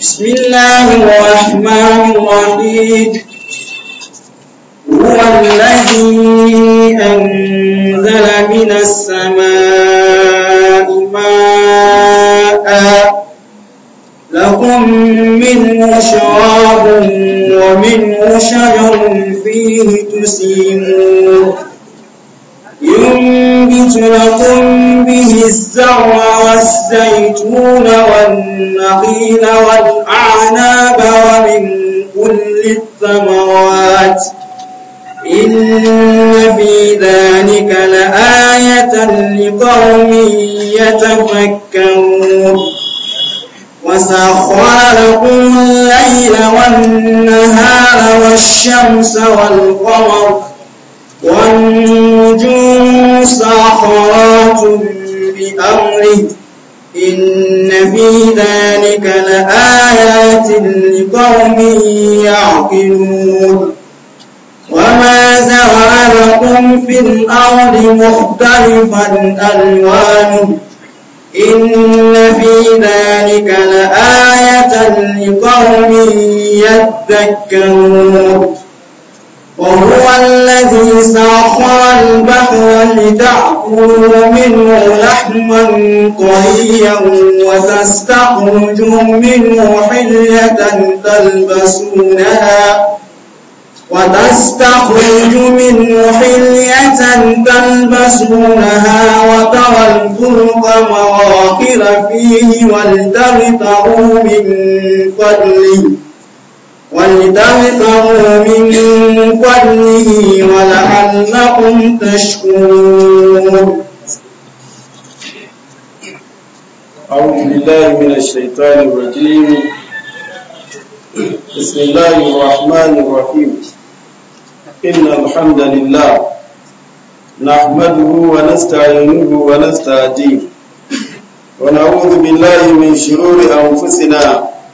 بسم الله الرحمن الرحيم هو الذي أنزل من السماء ماء لكم منه شراب ومنه شجر فيه تسيمون ينبت لكم به الزرع والزيتون والنخيل والأعناب ومن كل الثمرات إن في ذلك لآية لقوم يتفكرون وسخر لكم الليل والنهار والشمس والقمر والنجوم سخرات بأمره إن في ذلك لآيات لقوم يعقلون وما زرع لكم في الأرض مختلفا ألوانه إن في ذلك لآية لقوم يذكرون وهو الذي سخر البحر لتأكلوا منه لحما طريا وتستخرجوا منه حلية تلبسونها وتستخرج منه حلية تلبسونها وترى الفرق مواخر فيه ولتبتغوا من فضله ولتبتغوا من فضله ولعلكم تشكرون أعوذ بالله من الشيطان الرجيم بسم الله الرحمن الرحيم إن الحمد لله نحمده ونستعينه ونستهديه ونعوذ بالله من شرور أنفسنا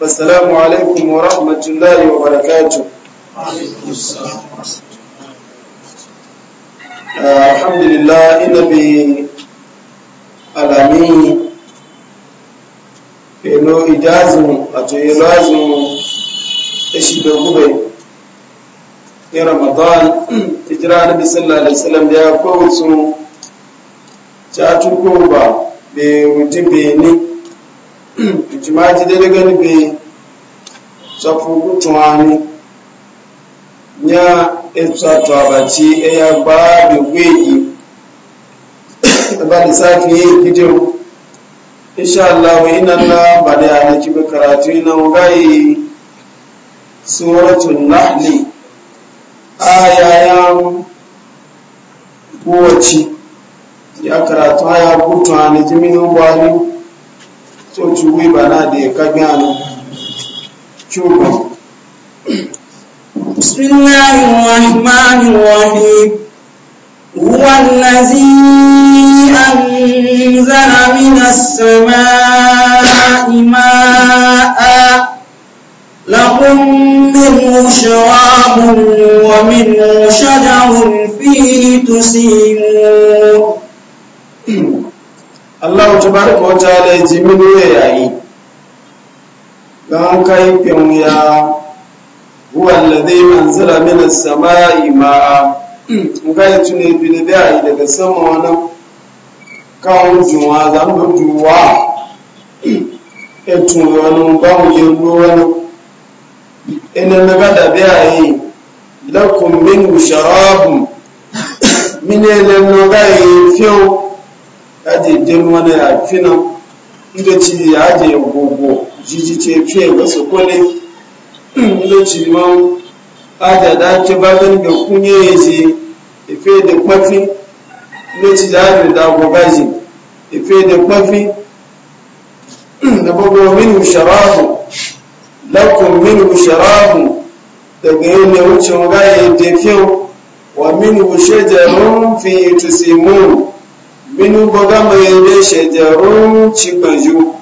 Assalamu alaikum wa rahmatullahi wa barakatuh. Alhamdulillah ina bi alami elo ijazin wato ilazin tashi da gube ya e ramadan hijira na bisallah da salam da ya kowace ta tuko ba bai wuce bai ijimaki daidai gani bai tsafugu tuwani ya etsatu abaci ya ba da gwegi da ba da safi ya yi gidiyo insha Allah wa ina na ba da yana kibe karatu ina gayi suratun nahli ayayan kowace ya karatu haya gutu a nijimin wani so cuwi ba na da ya kagbe anu cuba bismillahir rahmanir rahim منه شراب ومنه شجر فيه تسيمون Allah ta baraka wa ta'ala ya ji mini ya yayi don kai fiya huwa alladhi anzala min as-sama'i ma'a mukai tune bin bai daga sama wannan kawo juwa za mu etu etun wani bamu yi wani ina na da yi. lakum min sharabun min ne na gaya fiyo aje den wani ya fina ndoci ya aje gogo jiji ce fiye ga su kone ndoci ma aje da ake bagan e da kunye ya ce ife da e kwafi ndoci da aje da gogaji ife da kwafi da bago minu sharabu lakum minu sharabu daga yin da wucin gaya da fiye wa minu shajarun fi tusimun binu boga mai da shajarun cikanju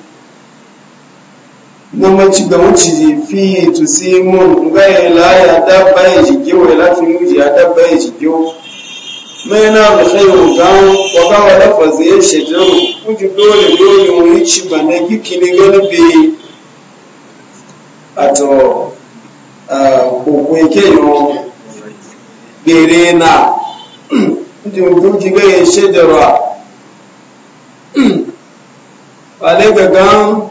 na maciga wuce fi to si mun ga ila ya dabba ya jike wa ila fi muji ya dabba ya jike mai na da sai ga boga wa da faze ya shajaru ji dole dole mu yi ci ne ato ko ko ke yo na ndi mu ji ga wale ga gan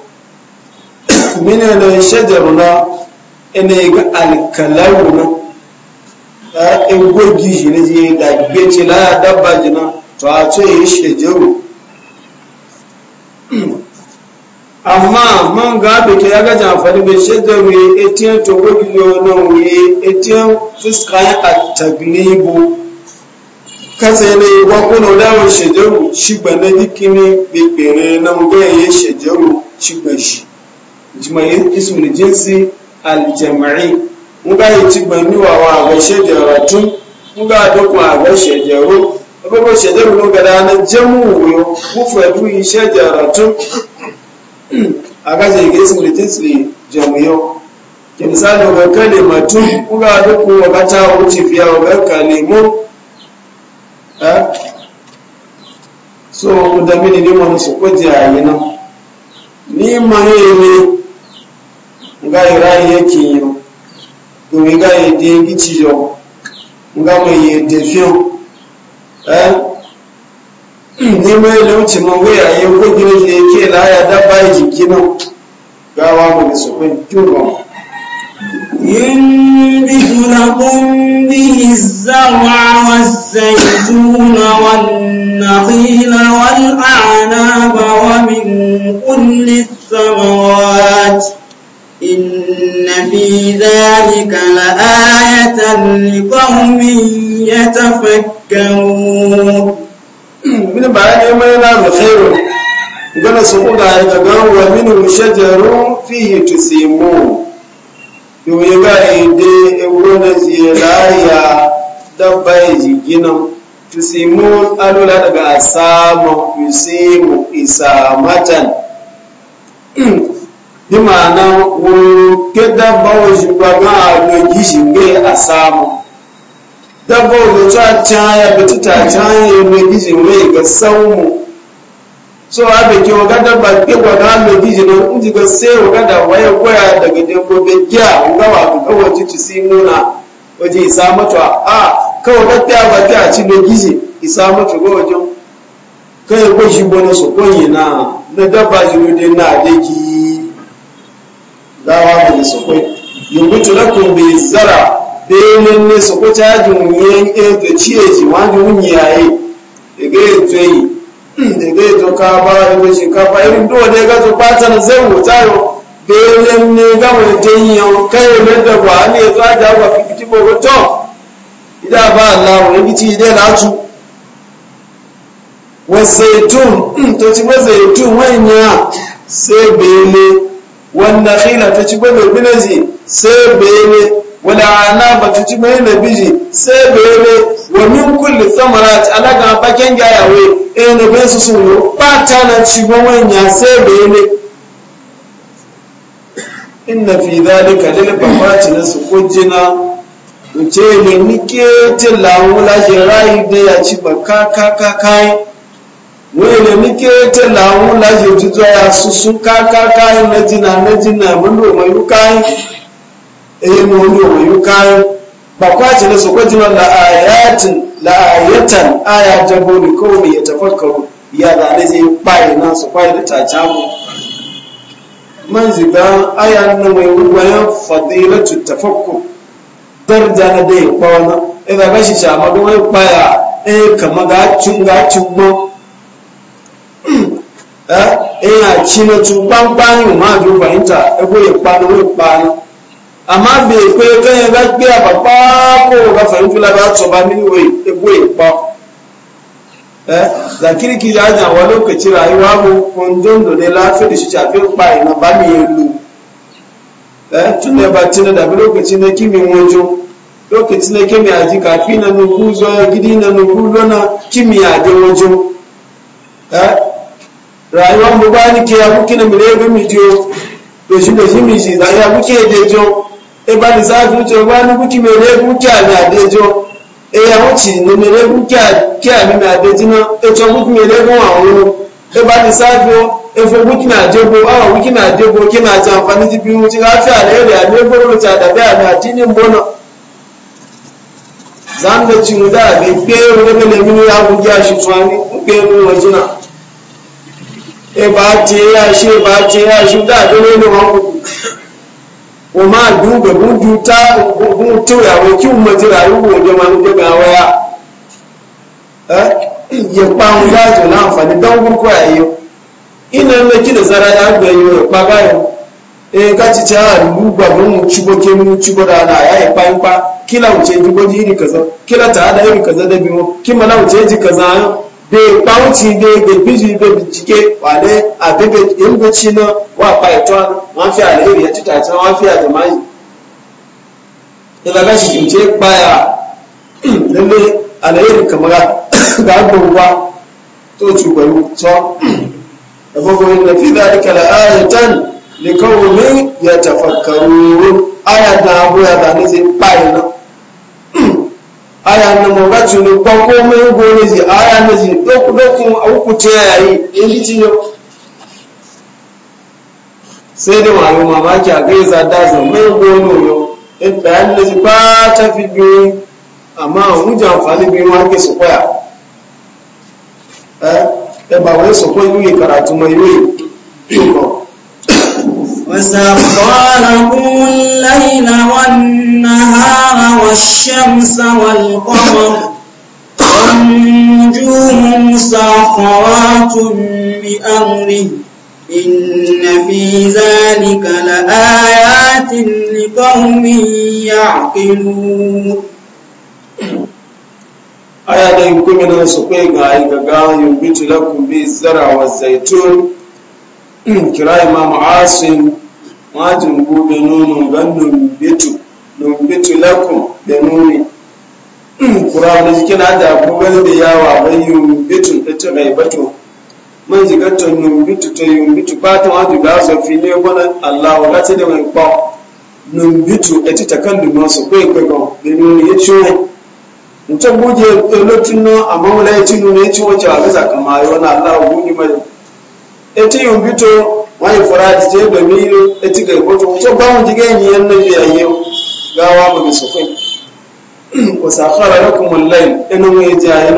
mine na shajaru na ina ga alkalawu na ta ne je da gbeci la ya dabba jina to a to yi shajaru amma man ga da ke ya gaja amfani bai shajaru ya etiyan to gogi ne wani wuye etiyan fuska ya a katsene wakuna dawon shajaru shi ba na dikini bebere na mugayaye shajaru shi ba shi jima'i ismin jinsi aljama'i mugaye ci wa niwawa ga shajaratun muga dokwa ga shajaru abubuwan shajaru no gada na jamuwo mufradu yi shajaratun a gajen ga ismin jinsi jamuyo ke misali ga kalimatun muga dokwa ga ta wuce fiya ga kalimu Eh? so da mini ne mun su kwaje yayi ni mane ne ga irayi yake yi to ni ga yede gici yo nga mai yede fiyo eh ni mai lauci mun ga yayi ko gine ne ke la ya dabba jiki nan gawa mu su kwaje ينبت لكم به الزرع والزيتون والنخيل والأعناب ومن كل الثمرات إن في ذلك لآية لقوم يتفكرون من بعد ما ينال خير قال سبحانه وتعالى ومنه شجر فيه تسيمون ya ga ya ewuronan ziye lariya dabba ya sai mu alula daga mu yusimu matan. bi ma'ana wuri ke dabba wa shugaba a dogi shinge a samu dabba wa ta caya bata ta caya mai gizi mai ga saumu so abe ke wagada ba ke waga lo gije no ndi ga se wagada waye koya daga de ko be ja nga wa ko ko waje si isa mato a ka waga ta ba ta ci isa mato go waje kai ko shi bono so ko yi na na dabba ji de na de ki dawa so ko bi zara benin ne so ko ta nwunye yen e ji wa e ga to daga ya zoka ba da shinkafa irin duwa da ya na zai wuta yau bayan ne gama da tanyan kai ne da ba ne to zo a jawa fifiti ba wato ba Allah wani gici na su wasaitun hmm, to ci wasaitun wanya sai bele khila ci ba mai sai bele wala'ana ba ta ci mai na biji sai bere wa min kulli samarat alaga bakin gayawe eh na bai su sun ba ta na ci gwamnan ya sai bere inna fi dhalika lil bafati nasukujina mutele nike tilawo la jirai de ya ci baka kaka kai wele nike tilawo la jijujo ya susu kaka kai na jina na jina mun do mai kai eh mu wani wayo kayan ba kwace na su kwaji wannan ayatin la ayatan aya jabo ne ko mai ya tafakkaru ya zane zai bayi na su kwaye da tacamu man ziga aya na mai wayan fadilatu tafakkur darja na dai kwana idan ga shi shama don wai kwaya eh kama ga cin ga cin mo eh ya ci na tu ban ma ju fahimta ya ko kwana wai kwana àmọ́ àgbè pé kẹ́yìn bá gbé àpapá kó o bá fẹ̀rí fúlà bá tọ̀ bá nínú egbò ìpọ́ da kirki da ajan wa lokaci rayuwa mu kun dondo ne lafiya da shi shafi bai na ba mi yallu eh tun da ba tun da lokaci na kimi wojo lokaci na kimi aji kafi na nuku zo gidi na nuku lona kimi a da wojo eh rayuwa mu ba ni ke ya kuke na mi ne ga mi jo to shi da shi mi shi da ya kuke da eba ni saa kun tso ba ni kuti mere kun ade eya kun ne e e ni mere kun kya ade jina etso kuti mere kun awon eba ni saa jo efo kuti na ade bo awa na ade bo ki na ati anfani ti bi wuti ka ale ere ale gboro lo ti adabe ami ni mbo na zanda ti mu kpe abi gbe orebe le mi ni mu wọn jina eba ti eya ṣe eba ti eya ṣe da ade o ma duga gun juta gun tuya o ki umma jira yu wo de man de ga waya eh ye pa un ga jo na fa ni dan gun ko ayo ina me ki da zara ya gbe yo pa ga yo e eh, ka ti ta lu gba gun chubo ke mu chubo da na ya pa pa kila uce ji goji ni kaza kila ta da iri kaza da biwo kima na uce ji kaza bai bauchi bai bai biji bai bincike wale abin bai inganci na wa faitwa mafi alheri ya tuta ta mafi a jama'i ila gashi kimce baya lalle alheri kamar ga abubuwa to ci gwani to da fago yin na fi zalika la ayatan li qaumin yatafakkarun aya da abu ya da ne zai bayyana aya na moga tunu kwa ko mai gone ji aya na ji doku doku au ku te yayi in ji tiyo sai da wani mamaki a gaisa da zan mai gone yo in bayan na ji ba ta fi biyu amma mun ji amfani biyu ma ke su koya eh ba wai su koyi karatu mai yi ko فسخر لكم الليل والنهار والشمس والقمر والنجوم مسخرات بأمره إن في ذلك لآيات لقوم يعقلون aya da hukumi da su kai ga yi gaggawa yumbitu lakum bi zara wa zaitun kira imam asim wajin gobe nono gan numbetu numbetu lakum da nuni hmm, kura da na da gobe da yawa bai yumbetu ta ta mai bato man jiga to numbetu to yumbetu ba ta wajin ga so fi ne gona Allah wa da mai kwa numbetu ta ta kan duma su kai kai da nuni ya ci nuni a ga zakamayo wa wani farati ce da milo ya ci gai kwato enyi ba mu gawa mu bi sufai ko safara na kuma lai inu mai ja ya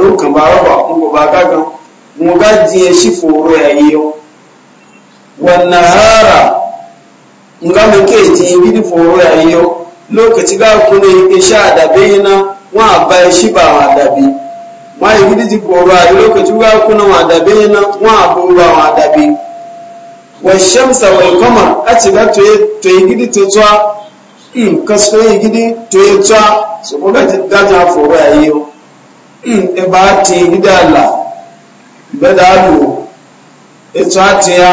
ba ya shi foro ya yau wannan hara nga mu ke ji bidi foro ya yau lokaci ga kuma ya sha da bayina wa ba shi wa dabi ji foro na wa ba wa wa shamsa wal qamar aci ga to yi gidi to twa mm kasko ye gidi to ye twa so ko ga da ta fo yi o e ba ti gidi ala be da lu e twa ti ya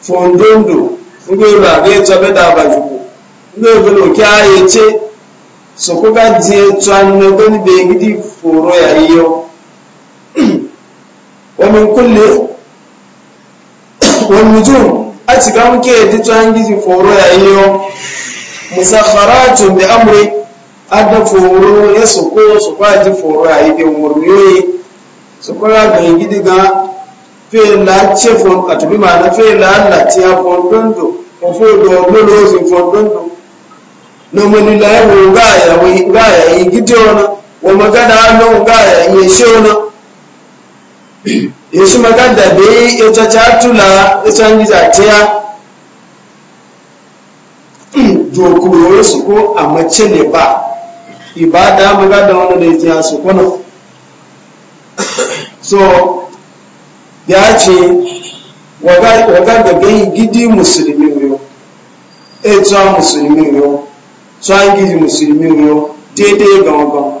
fo ndondo ngo ba be twa be da ba ju ngo be lo ki a yi che so ko ga di e twa no be ni gidi fo ro ya yi o wa min والنجوم أتقام كي تتوانجز فورو يأيو مسخرات بأمري أدى فورو يسوكو سوكواج فورو يأيو مرميوي سوكواج بأيجي fela ce fon a tabi ma'ana fela Allah ce ya fon dondo ko foro do molo zo fon dondo no mani la ya ga ya wai ga ya yi gidona wa magana no yi yesu maganda be ita chatula ita ngiza tia dokuro su ko a mace ne ba ibada maganda wani da ita su so ya ce waganda be gidi musulmi yo etu musulmi yo tsangi musulmi yo daidai gawa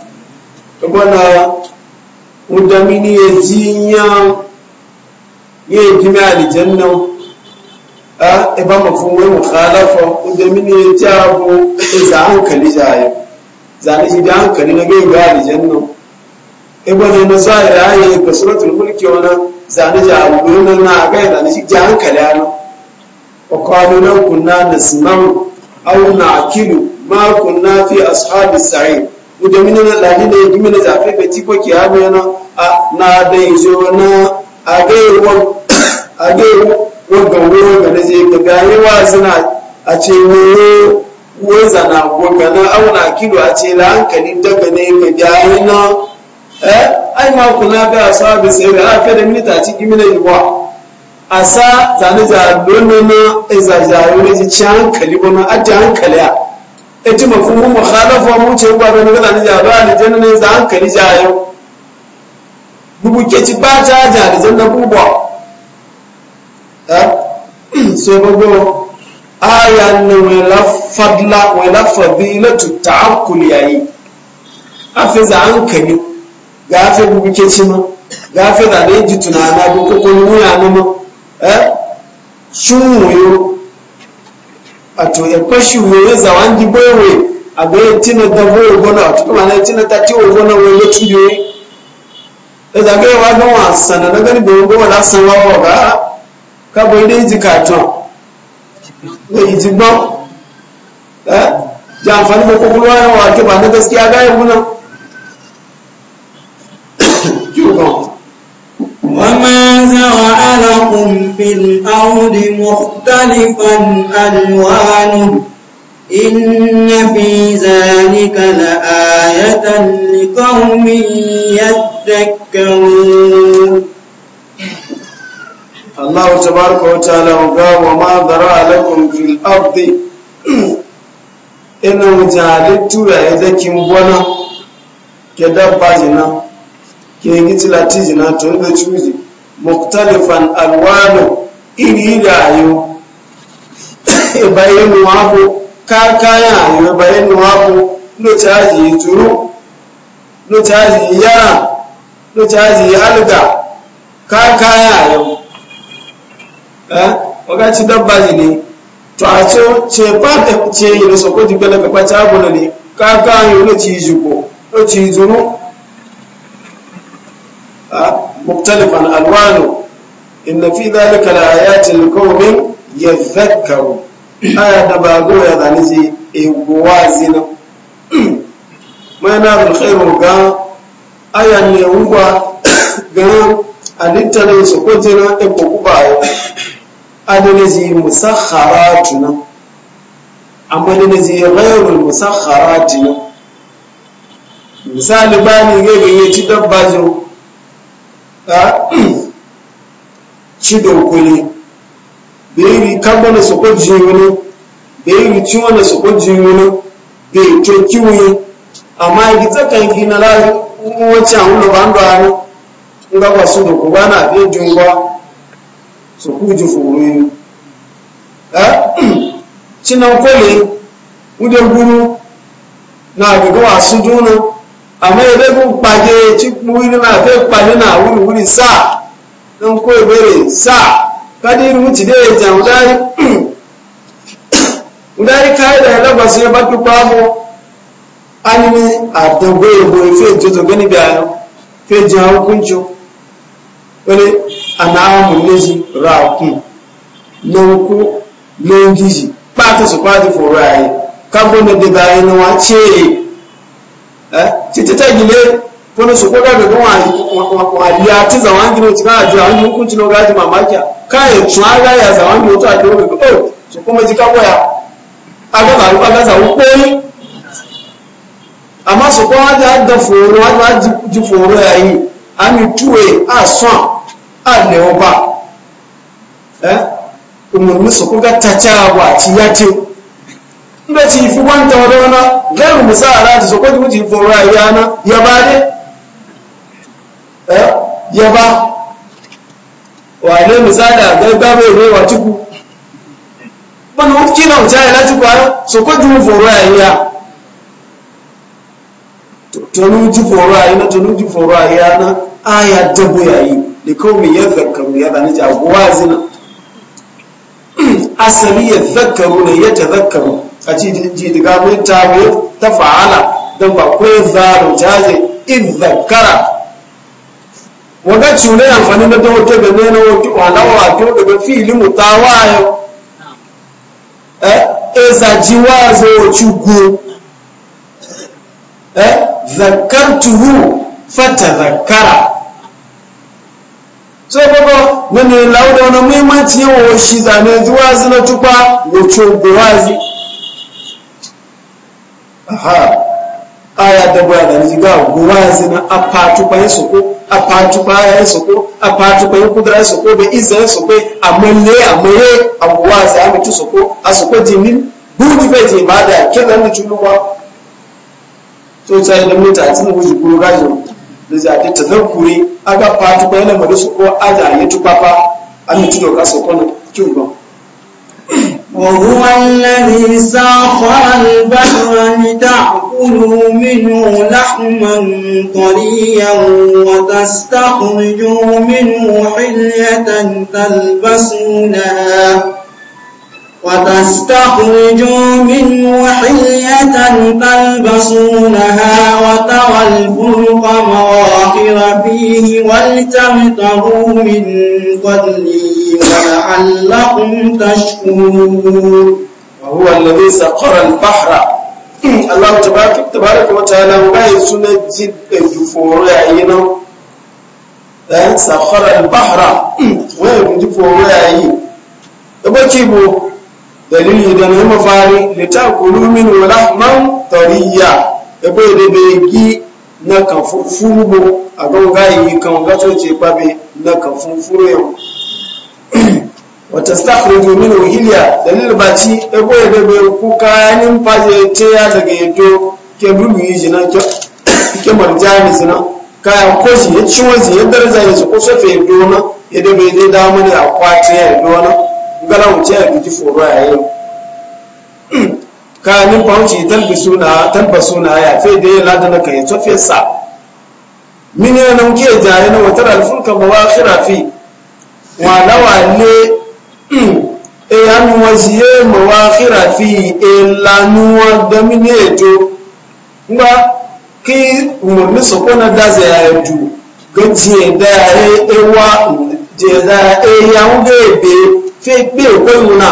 bana mudamini ya jinya ya jimi alijanna a iba e wani mukhalafa mudamini ya ji ya e za hankali jaye zane shi da hankali na gai ga alijanna iba na nasa ya yi ga suratul mulki wani zane ja abubuwan na gai zane shi da hankali ana wa kwanunan kunna na sinan au na akilu ma kunna fi ashabi sa'id da mini na lani da yigi mini zafe ka ti ko ki ha mena a na da yizo na a ga wo a ga wo ga wo ga da je ga e, yi wa suna a ce wo wo zana go ga na e auna kilo a ce la hankali daga ne ka ga yi na eh ai ma kuna ga sabi sai ga aka da mini ta ci gimi na yiwa asa zane za dole na izajayo ne ji ci hankali ba na ajiye hankali a ma mafumu mukhalafa mu ce ba ga ngala ni jaba ni janna ne za hankali jayo bubu ke ci ba ta ja da janna bubo eh so bago aya ne wala fadla wala fadilatu ta'akkul yayi afiza hankali ga fe bubu ke ci mu ga fe da ne ji tunana ko ko mu ya ne ma eh shun yo ato ekwashi wele za wangi bwewe abe tina davo ogona na tina tati ogona wele tuyo eza ge waga wasana nagani bongo wala sanwa woga kabo ide izikato ne izigbo eh jamfani ko kokulwa wa ke ba na gaskiya ga yuna في الأرض مختلفا ألوانه إن في ذلك لآية لقوم يذكرون الله تبارك وتعالى قال وما ذرأ لكم في الأرض ina mutalittu ya yi zakin gona ke dabba jina ke gitila tijina tun da cuji muktalifan alwano iri dayo ibayin kakaya ayo ibayin nuwabu ló alga kakaya ayo eh oga ci dabba to a ce ce ce so ko gbele kakaya ayo ci ci ah مختلفا ألوانه إن في ذلك الآيات لقوم يذكر آية نبادو يا ذانيزي إغوازنا ما ينام الخير وقا آية نيوبا غير أنتنا سكوتنا إبقبايا أدنزي مسخراتنا أما أدنزي غير المسخراتنا مثال باني يجي gayyaci dabbajin chidokwele beeri kagbo na sokwa jiwele beeri ciwo na sokwa jiwele bee to kiwuye amma igi tsakan gi na lai wacce a wulo ba ndo ani nga ba su da kuba na be jungwa so ku ji furu eh cinan kole wude guru na ga ga wasu àmọ́ ẹgbẹ́ kó pàdé tí wúrí na fẹ́ pàdé náà wúriwúri saa na ń ebere saa sáà iri irú ti dé ìjà ńdárí ńdárí káyọ̀dá ẹlẹ́gbàsí ẹ bá pípa mọ́ á ní ní àdàgbé ìbò ìfẹ́ ìjọ́tọ̀ gẹ́ níbi àná fẹ́ jẹ́ àwọn kúnjọ wọlé àná àwọn mọ̀lẹ́sì ra ọkùn lọ́wọ́ kú lóyún gíjì pátó sí pátó fitita eh? gile wani su koga da kuma wadiya ti zaman gino cikin ajiya wani hukunci na gaji mamaki kayan cuwaga ya zaman gino ta ajiya wani kudu su kuma jika koya a ga zaru a ga zaru amma su kowa da da foro wani ji foro ya yi a mi tuwe a son a lewa ba eh? umarni su ta ci ya ce nga ci fi kwanta wa dauna gairu musa alati rati so kwaji muci fi rayuwa na ya ba ne eh, ya ba wa ne misada gai ba bai rai wa ciku bana wuki na wuce ya lati kwara so kwaji mu fi rayuwa tonuji fi rayuwa tonuji fi rayuwa na aya dabo yayi da kawai ya zakaru ya zane jagowa zina asali ya zakaru ne ya ta zakaru a ci diga mai tabi ta fa'ala don ba kwai zaro jaje in zankara. wanda cune amfani na dawoto wato ne na wato walawa wato daga fili mutawayo eh eza jiwazo chugo eh zakartuhu fatadhakkara so baba wani lauda na muhimmanci yawa shi zane zuwa zina tupa wato gowazi aha aya da baya da ni ga gowa zina apatu bayan soko apatu bayan soko apatu bayan kudura soko be izan soko amole amore abuwa za mu tu soko asoko jinin budi be je bada kenan ni tuluwa to sai da mita tin wuji guru gajo da za ta tazakuri aga patu bayan mu soko aja ya tupapa an tu doka soko ne kyuba وهو الذي سخر البحر لتأكلوا منه لحما طريا وتستخرجوا منه حلية تلبسونها وتستخرجوا منه حلية تلبسونها وترى الفلق مواخر فيه ولتبتغوا من فضله ولعلكم تشكرون وهو الذي سقر البحر الله تبارك تبارك وتعالى وباي سنة جد جفور يعينا سخر البحر وين جفور يعين يبقى كيبو dalili da na mafari da ta kulu min wala tariya ebe bai da bai gi na kan furubo a kan gayi kan gaso ce babe na kan furo yau wata stakhruju min hilya dalil baci ci ebe da bai ku kayanin faje ce ya daga yato ke bulu yi jina ke marjani jina kayan koshi ya ciwon ya daraja ya su kusa fe dona ya da bai dai damar ya kwace ya dona gala wuce a biki foro a yau kayanin fahimci talbasu na ya fe da ya lada na kai tofe sa min yana nan ke jaye na watar alfulka ma wakira fi wala ne. e hannu ye ma wakira fi e lanuwa da min ya eto ba kí umarni sọ̀kọ́nà dáze àyẹ̀dù gẹ́jì ẹ̀dá ẹwà ya ẹ̀yà ń gẹ̀ẹ́bẹ̀ẹ́ fe gbe ko muna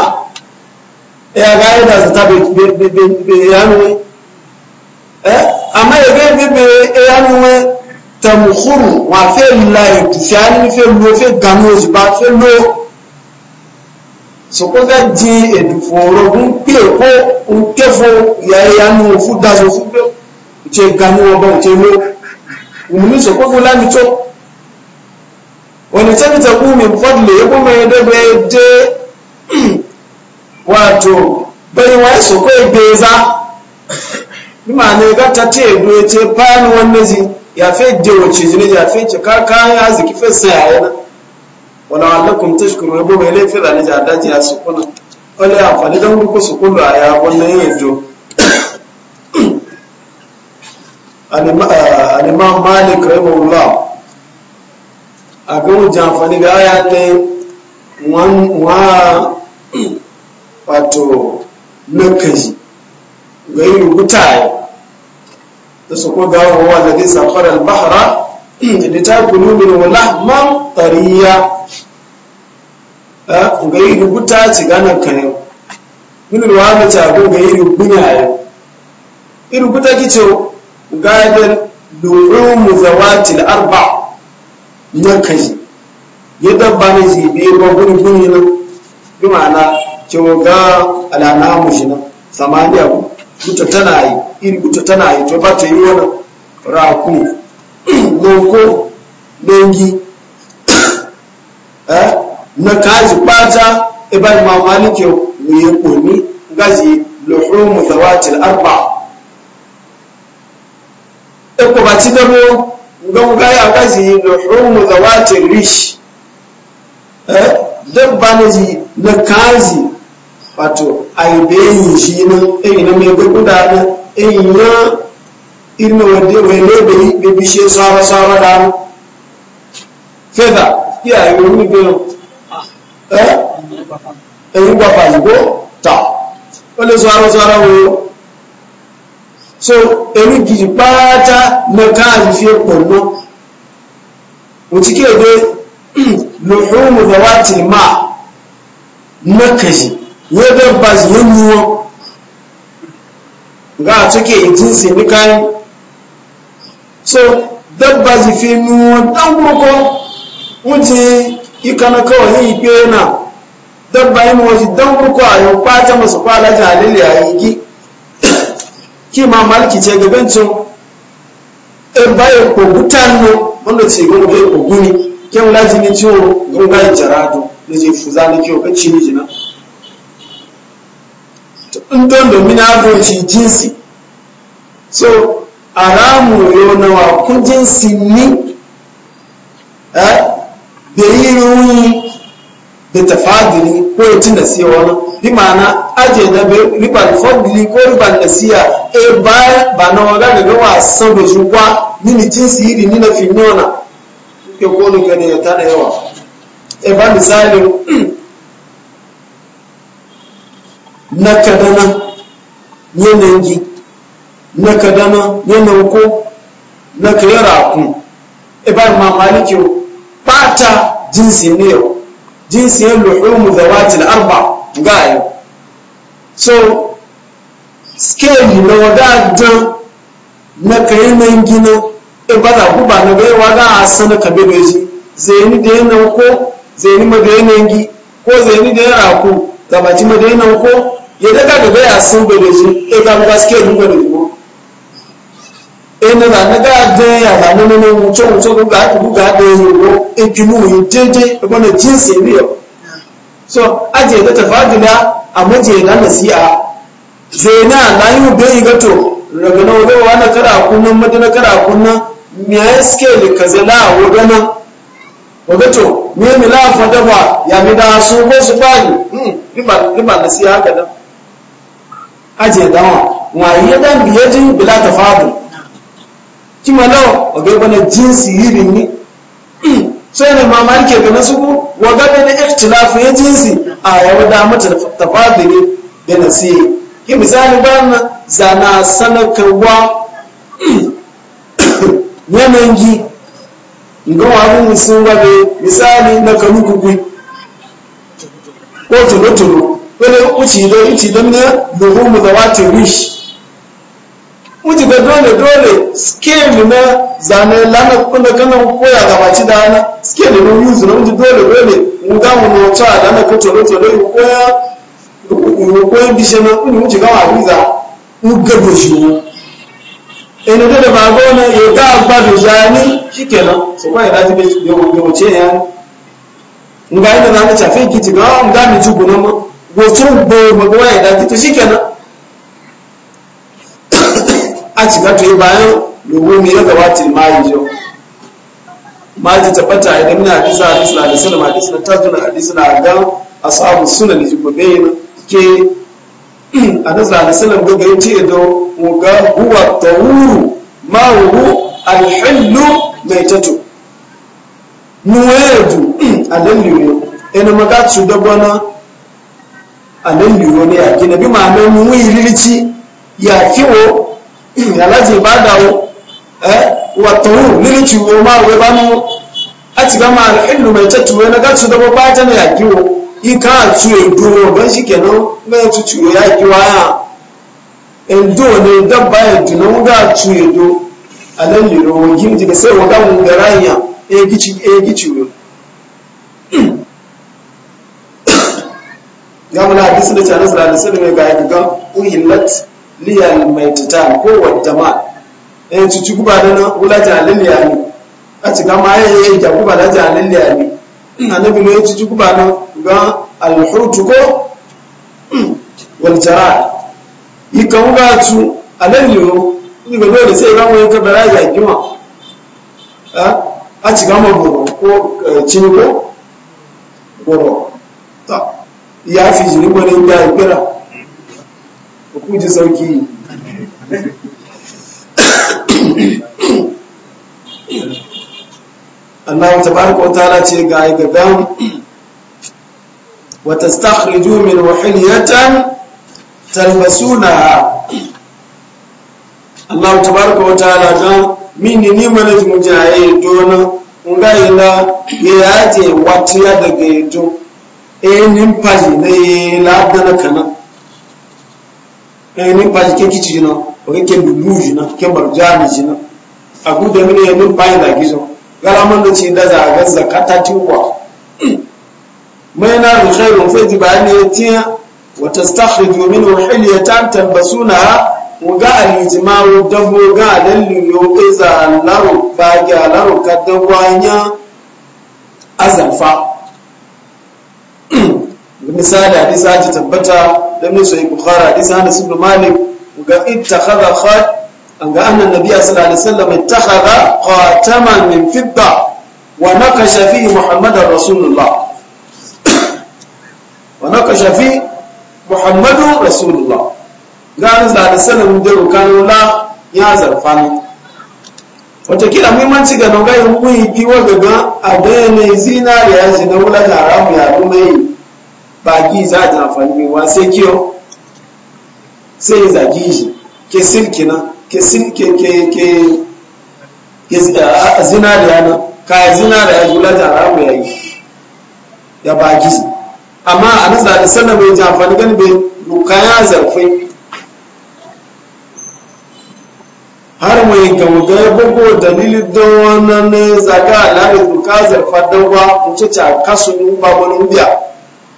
e aga e da ta be be be be yanu eh ama e be be be yanu we tamkhuru wa fe lai ti fe ani fe lo fe ganu ba fe lo so ko fe di eduforo gun pe ko un kefo ya yanu fu da so fu pe te ganu ba, te lo umuni so ko fu lani to wani tabtagu min fadli ya kuma ya dabe de wato bai wa su kai beza bima ne ga ta te do te pan wannan ya fe de wace ji ya fe ce ka ka ya ziki fe sai ya na wala allakum tashkuru ya kuma ile fira ne ja daji ya su kuna wala ya fa da ku su kullu ya wannan ya do ani ma malik rahimahullah a jamfani wuce amfani da aya ne wa wato na kaji ga yi rubuta ya da su ko gawa wa da zai safar albahara da ta kunu min wala man tariya eh, ga yi rubuta ci ganan kanin min wa da ta ga yi rubuta ya yi rubuta kice ga da lu'umu zawatil arba' na kaji ya dabba na zibe ba guni guni na bi ma'ana cewa ga alanamu shi na samaniya ku guta tana yi iri guta tana yi to ba ta yi wani raku loko dangi eh, na kaji bata ibar e mamalike mu yi kuni gaji luhumu zawatil arba e ko ba ci dabo don gaya gazi luhumu zawatin rish eh? dabba na ji na kazi wato aibeyin shi na ɗin eh, na mai guda na ɗin eh, ya ina wanda wai ne bai bishe sara-sara da mu feda ya yi wani biyu eh ɗin gwafa ko ta wani sara-sara wuyo so erigi pátá mẹka àyífi pẹ̀lú òtíkẹ́ èdè lòhùnmù dàwátì máa mẹ́kẹ̀yì yẹ́ bẹ́ bàjì yẹ́ ní wọn ga àtúkẹ́ ìjínsì ní káyí so dabbaji fi nu wọn dan gbogbo ti ikana kawai yi pe na dabba yi mu wajen dan gbogbo a yau pata masu kwalaja halili a ki ma maliki ce gabancin in e baya ko gutanno wanda ce gun ke ko guni ke mu laji ni ciwo gun ga jarado ne je fuza ne ke ka ne jina to in don do mina go ci jinsi so aramu yo na wa ku jinsi ni eh da yi ruwi da tafadili ko ya da siya wani bi ma'ana aje na riba fadli ko riba nasiya e ba ba na waga ga wasan da su kwa nini jinsi iri ni na finyona ke ga gani ya tada yawa e ba misali na kadana yanayin ji na kadana yanayin ko na kayara ku e ba ma maliki pata jinsi ne yau jinsiyar luhumu zawatil arba ga so scale na wadajen na kai nan gina e ba za ku ba na bai wada a sana ka bai bai shi da yana ko zaini ma da yana gi ko zaini da yana ko gabaci ma da yana ko ya daga da bai a sun bai bai e ga mu gaskiya da ku ẹni da na ga da ya da na na mucho mucho ko ga yi ko e ki mu yi jeje jinsi e so aje da a maje na nasi'a zaina na yi be yi gato daga na wani wani kara kunnan madina kara kunnan me ya suke da kazala a wagana e mi la ya da su ko su bila kima lawa waga bana jinsi yirin ni so yana mamaki ke ganin su ko waga bana ikhtilafu ya jinsi a yawa da mata tafadili da nasiye ki misali bana zana sanakarwa yanayin gi ga wani sun gabe misali na kanu gugui ko tuno-tuno wani uci don uci don na luhumu da wata Rishi. wuce ga dole dole scale na zane lana kuna kana koya ga baci da ana scale na yuzu na wuce dole dole mu ga mu no ta da na kuto no to dole koya mu koya bishe na kuma wuce ga wa visa mu ga doshi ene da da bago na ya ga agbado zani shikenan so ba ya dace be yo yo ce ya mu ina na ta fe kiti ga mu ga mi tubu na mu go tun da mu ga ya dace to a cika tuyi bayan domin mu yaga watin mayi ma maji tabbata idan muna hadisi hadisi da hadisi na hadisi na tajuna hadisi na ga ashabu sunan ji ko bayin ke a na hadisi na ga yace ce da ga huwa tawuru ma huwa alhillu maitatu nuwedu alalliyo ina maka su dabana alalliyo ne ya gina bi ma nan mu yi lilici ya kiwo aláti ìbádà o eh, wà tóhù nínú tí wọ́n máa wẹ́ bá mú láti bá máa ìlú mẹ́tẹ́ tó wẹ́n ká tó dọ́gbọ́ bá jẹ́ ní yàgí o ìka àtú èdò e wọn bẹ́ẹ̀ sì kẹ̀nà mẹ́ẹ̀ tutù rẹ̀ e yàgí wa yà èdò ní dábàá èdò náà wọ́n gá àtú èdò alẹ́ lèrò wọn yìí jẹ́ sẹ́ wọ́n gáwọn gẹ̀rẹ́ àyà ẹ̀ẹ́gì tì wọ́n. ga e yadda uhillat liyal maitatan ko wa jama e eh, cucu kuma da na wula jalil ya ni a cika ma ya yi ja kuba da jalil ya ni ina na bi ne cucu kuba na ga alhutu ko hmm, wani jara yi kan ga tu alallo ni ga dole sai ga mu ka bara ya juma a cika ma boro ko eh, cinko ko ta ya fi jini gwani ya yi kira ku ji sauki Allah barko ta ta'ala ce ga ai gagan wa tastakhriju min wahiliyatan talbasuna Allah barko ta ta'ala ga mini ni mana mujaye dona ngaila yaje watiya daga yato e nin faji ne la dana kana eh ne ba ke kici jina o ke ken dulu jina ke marjani jina abu da mini ya min bai da gizo gara man da ci da za ga zakata tiwa mai na da khairun fa ji bayani ya tiya wa tastakhriju minhu hilyatan talbasunaha muga alijma'u dabo ga dallu yo iza e laru ba ga laru kadawanya azalfa misali hadisa ta tabbata da min sai bukhari hadisa Anas ibn Malik ga ittakhadha khat an ga anna nabiy sallallahu alaihi wasallam ittakhadha qataman min fidda wa naqasha fi muhammad Rasulullah wa naqasha fi muhammad Rasulullah ga an sallallahu alaihi wasallam da rukanullah ya zarfani kila muhimmanci ga nongai ga yi biwa ga ga a bayanai zinariya shi na wula haramu ya kuma yi baki za ta amfani wa sai kiyo sai zagi shi ke silki na ke silke ke ke ke zina da yana ka zina da ya gula ta haramu ya yi ya baki amma a nasa da sannan bai ta amfani gani bai ya zarfai har mai gauga ya bugu dalilin don wannan zaga lalata duka zarfar don ba mutu ta kasu ba wani biya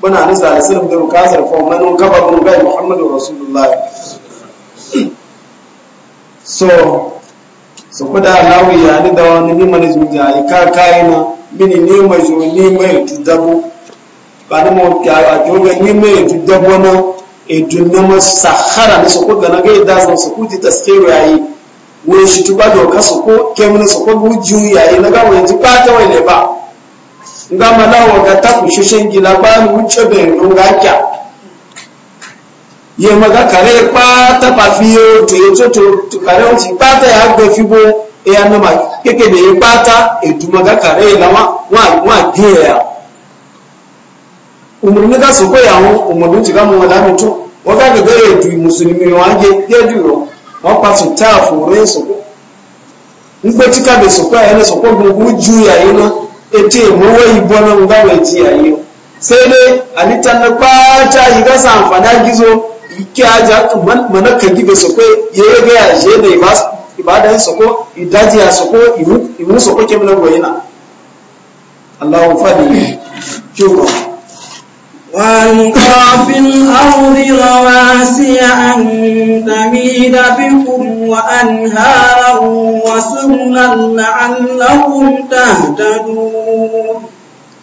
muna nisa da sulhu da bukasar fomanu gabarun gai muhammadu rasulullahi so so kuda lawi ya ni da wani ni mani zuja ya yi kai na mini ni mai zo ni mai tudabo ba ni mo ka a joga ni mai tudabo na e dunna ma sahara ni so kuda na ga da so su kuti taskiru yi. we shi tuba do ka so ko kemna so ko guju yi na ga wani ji pata wai ne ba nga malawa ga ta ku shishin gila ba ni wuce da yanzu kya ye maga kare pa ta pa fi yo to yo to to kare o ti pa ta ya gbe fi bo e ya na ma keke de ye pa ta e du maga kare la wa wa wa die ya umuru ni ga so ko ya won umuru ti ga mo la mi to wọ́n ká gẹ̀gẹ́ ètò ìmùsùlùmí wọn á jẹ déédì rọ wọ́n pa sùtá àfòrẹ́ sọ̀kọ́ ń gbé tí kábẹ̀ sọ̀kọ́ ẹni sọ̀kọ́ gbogbo ju ìyá yìí náà ete ruwa ibonin gawa ci yayi sai dai alitan na kwata yi ga amfana gizo ike aja manaka gibe su kwe yayi ga ya je da ibadan su ko idaji ya su ko iwu su ko kemna goyina Allahu fadi shukrana وألقى في الأرض رواسي أن تميد بكم وأنهارا وسبلا لعلكم تهتدون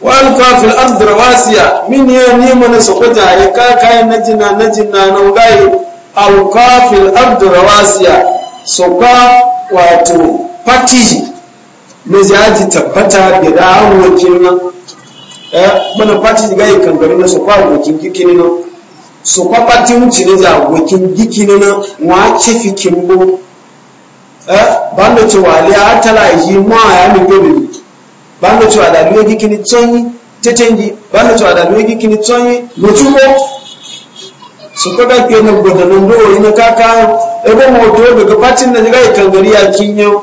walka fil ardi rawasiya min ya ni mana sokota ya ka kayan najina najina na ugai alka fil ardi rawasiya soka wato patiji ne zaji tabbata da dawo kenan mana pati ga yi kankari na su kwa gokin gikini na su kwa pati wuce ne za gokin gikini na wa ce fi kimbo ba da cewa le a tala yi ma ya mi gobe ba da cewa da le gikini tsonyi tetengi ba da cewa da le gikini tsonyi mutumo su kwa dake na gwadanin doro yi na kaka ebe mawato daga patin da ga yi kankari a kinyo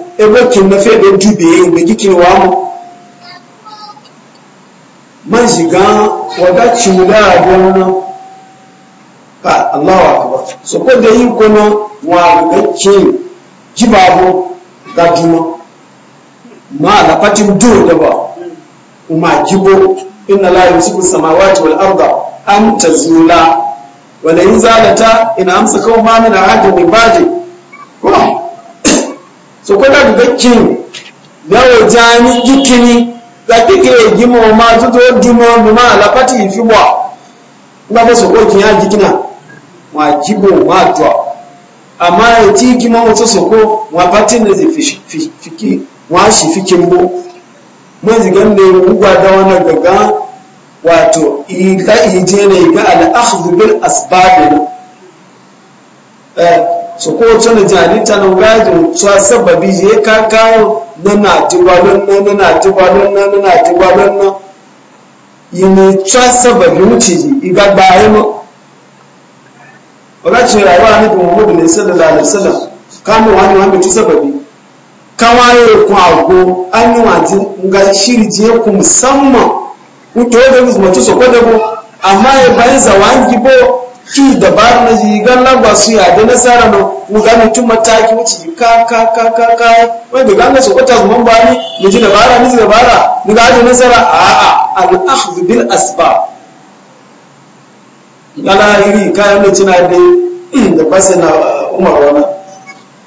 ebe na fe don jube yin da wa mu man shiga wada cimuda a gona ka allawa akbar so ko da yin kono wa ga ke jibabu da juma ma la fatin do da ba kuma jibo inna la yusibu samawati wal arda an tazula wala in zalata in amsaka ma min ahadin min ba'di ko so ko da ga kin yawo wajani jikini la kike gimo ma tuto dimo ma la pati ifibwa nga bo so ko kin ya jikina wa jibo wa to amma eti gimo to so ko wa pati ne fi fiki wa shi fikin bo mun zigan ne ugwa da wannan gaga wato ila ije ne ga al-akhdh bil asbab eh so ko tana jani tana ngajin sa sababi je ka kayo na na tigwalon na na na tigwalon na na na tigwalon na yini sa sababi wuce igagba ayi mo ọlọ́tí ràwọ́ níbi muhammadu ní sẹ́lẹ̀lá àlẹ́sẹ́lẹ̀ kánú wọn ni wọn bẹ̀tí sababi káwáyé kun àgbo aníwọ̀n àti nga shiri je kun musamman nítorí ẹgbẹ́ mọ̀tí sọ̀kọ́ dẹ́gbọ́ àmọ́ ẹ̀bá ń zàwọn àgbo ki da ba na nan ba su ya da nasara no mu ga mutum mataki wuce ka ka ka ka ka wai da ganga su kwata zuman ba ni mu ji dabara ni dabara ni ga da nasara a a al akhdh bil asbab ala iri kayan da cina da da basana umar wana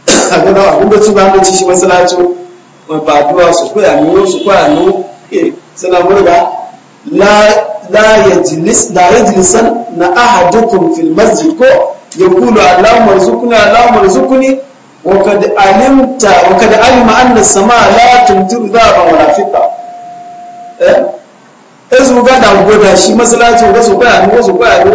a ga da abun da ba mu ci shi masallaci ba duwa su koya mu su koya mu eh, sana murga la yajlisan na ahadukum fil masjid ko yaqulu allahumma rzuqni allahumma rzuqni wa qad alimta wa qad alima anna as-samaa la tumtiru dhaba wa la fitta eh ezu da shi masallacin ga su ga ni su ga ni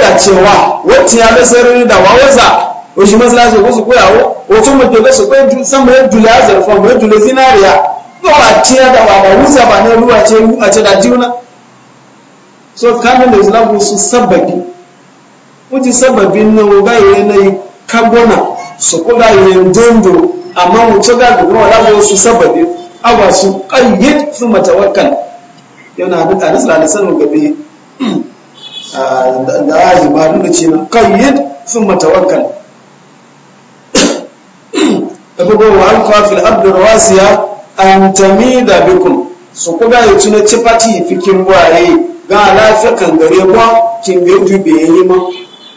da cewa wacce ya lasarin da wawaza o shi masallacin ga su ga wo o tun mutum ga su ga san mai dula zarfa mai dula zinariya ba da ba ba wuza ba ne ruwa ce a ce da juna so kanin da islamu su sababi wuce sababin na wuga yi na yi kagona su kuga yin dondo amma wuce ga gaba wa lafiya su sababi awa su kayyar su matawakkal yana da tare su lalisar mu gabe ah, da aji ba nuna ce na kayyar su matawakkal abubuwa alkawafin abdurrasiya an tamida bikum su kuga ya tuna ci fikin ga ala gare kwa kin ga dube yi ma